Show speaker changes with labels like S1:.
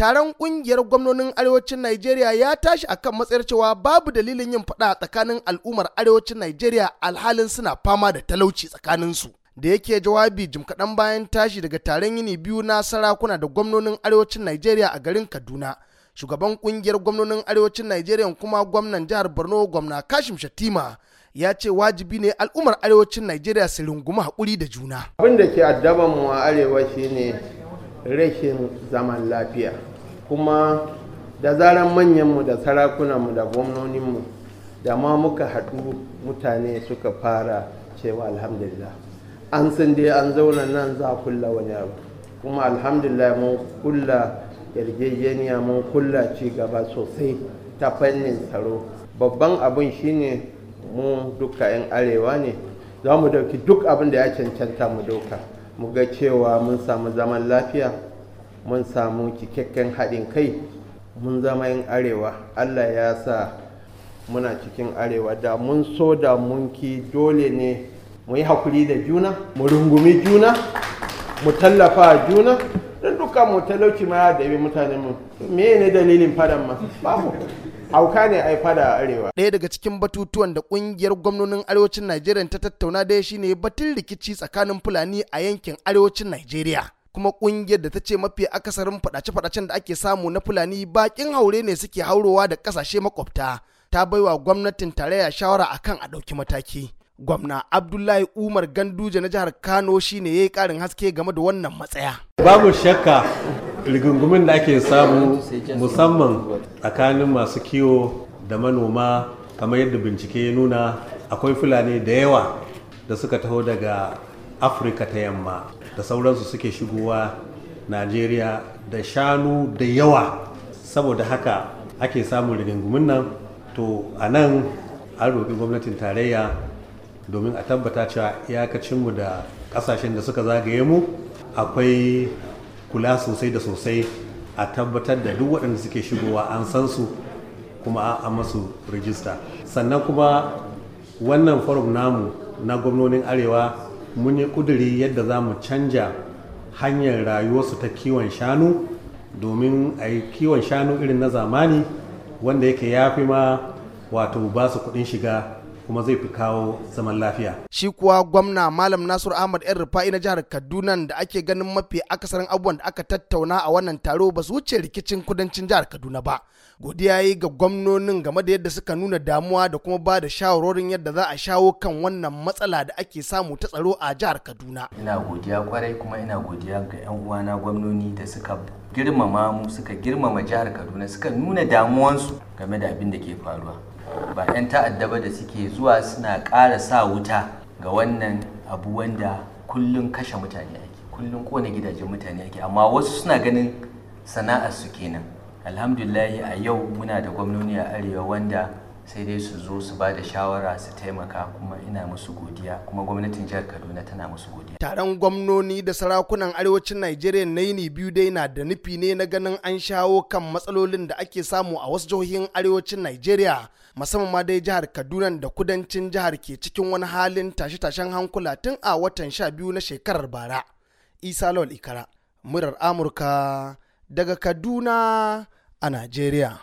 S1: taron kungiyar gwamnonin arewacin Najeriya ya tashi akan matsayar cewa babu dalilin yin fada tsakanin al'ummar arewacin Najeriya alhalin suna fama da talauci tsakanin su Da yake jawabi jim kaɗan bayan tashi daga taron yini biyu na sarakuna da gwamnonin arewacin Najeriya a garin Kaduna. Shugaban kungiyar gwamnonin arewacin Najeriya kuma gwamnan jihar Borno gwamna Kashim Shatima ya ce wajibi ne al'ummar arewacin Najeriya su rungumi haƙuri da juna.
S2: Abin da ke addaban mu a arewa shine rashin zaman lafiya. kuma da zaran manyanmu da sarakunanmu da gwamnoninmu da ma muka haɗu mutane suka fara cewa alhamdulillah an san dai an zauna nan za kula wani abu kuma alhamdulillah mun kula yarjejeniya mun kulla ci gaba sosai ta fannin tsaro babban abin shine mu duka 'yan arewa ne za mu dauki duk abin da ya cancanta mu ɗauka, mu ga cewa mun samu zaman lafiya mun samu cikakken haɗin kai mun zama yin arewa allah ya sa muna cikin arewa da mun so da mun ki dole ne mu yi hakuri da juna mu rungumi juna mu tallafa juna don dukkan mu talauci ma da yi mutane mu me ne dalilin fadan ma babu hauka ne ai fada a arewa ɗaya daga cikin
S1: batutuwan da ƙungiyar gwamnonin arewacin najeriya ta tattauna dai shine batun rikici tsakanin fulani a yankin arewacin najeriya kuma kungiyar da ta ce mafi akasarin fadace-fadacen da ake samu na fulani bakin haure ne suke haurowa da kasashe makwabta ta baiwa gwamnatin tarayya shawara akan a ɗauki mataki gwamna abdullahi umar ganduje na jihar kano shine ya yi ƙarin haske game da wannan matsaya
S3: babu shakka rigungumin da ake samu musamman tsakanin masu kiwo da manoma kamar yadda bincike ya nuna akwai fulani da yawa da suka taho daga afirka ta yamma da sauransu suke shigowa najeriya da shanu da yawa saboda haka ake samun rigingumin nan to a nan an roƙi gwamnatin tarayya domin a tabbata cewa iyakacinmu da ƙasashen da suka zagaye mu akwai kula sosai da sosai a tabbatar da duk waɗanda suke shigowa an san su kuma a masu rijista sannan kuma wannan forum namu na gwamnonin arewa mun yi ƙuduri yadda za mu canja hanyar rayuwarsu ta kiwon shanu domin a yi kiwon shanu irin na zamani wanda yake ya fi ma wato ba su kuɗin shiga kuma zai fi kawo zaman lafiya.
S1: Shi kuwa gwamna Malam Nasiru Ahmad ‘yan rufa'i na jihar Kaduna da ake ganin mafi akasarin abubuwan da aka tattauna a wannan taro ba su wuce rikicin kudancin jihar Kaduna ba. Godiya yi ga gwamnonin game da yadda suka nuna damuwa da kuma ba da shawarorin yadda za a shawo kan wannan matsala da ake samu ta tsaro a jihar Kaduna.
S4: Ina godiya kwarai kuma ina godiya ga 'yan uwana gwamnoni da suka girmama mu suka girmama jihar Kaduna suka nuna damuwansu game da abin da ke faruwa. ba 'yan ta'adda ba da suke zuwa suna ƙara sa wuta ga wannan abu wanda kullum kashe mutane ake kullum kone gidajen mutane ake amma wasu suna ganin sana'ar su kenan alhamdulillahi a yau muna da gwamnoni a arewa wanda sai dai su zo su ba da shawara su taimaka kuma ina musu godiya kuma gwamnatin jihar kaduna tana musu godiya
S1: taron gwamnoni da sarakunan arewacin najeriya na yini biyu dai na da nufi ne na ganin an shawo kan matsalolin da ake samu a wasu jihohin arewacin najeriya musamman ma dai jihar kaduna da kudancin jihar ke cikin wani halin tashe-tashen hankula tun a watan sha biyu na shekarar bara isa lawal ikara murar amurka daga kaduna a nigeria.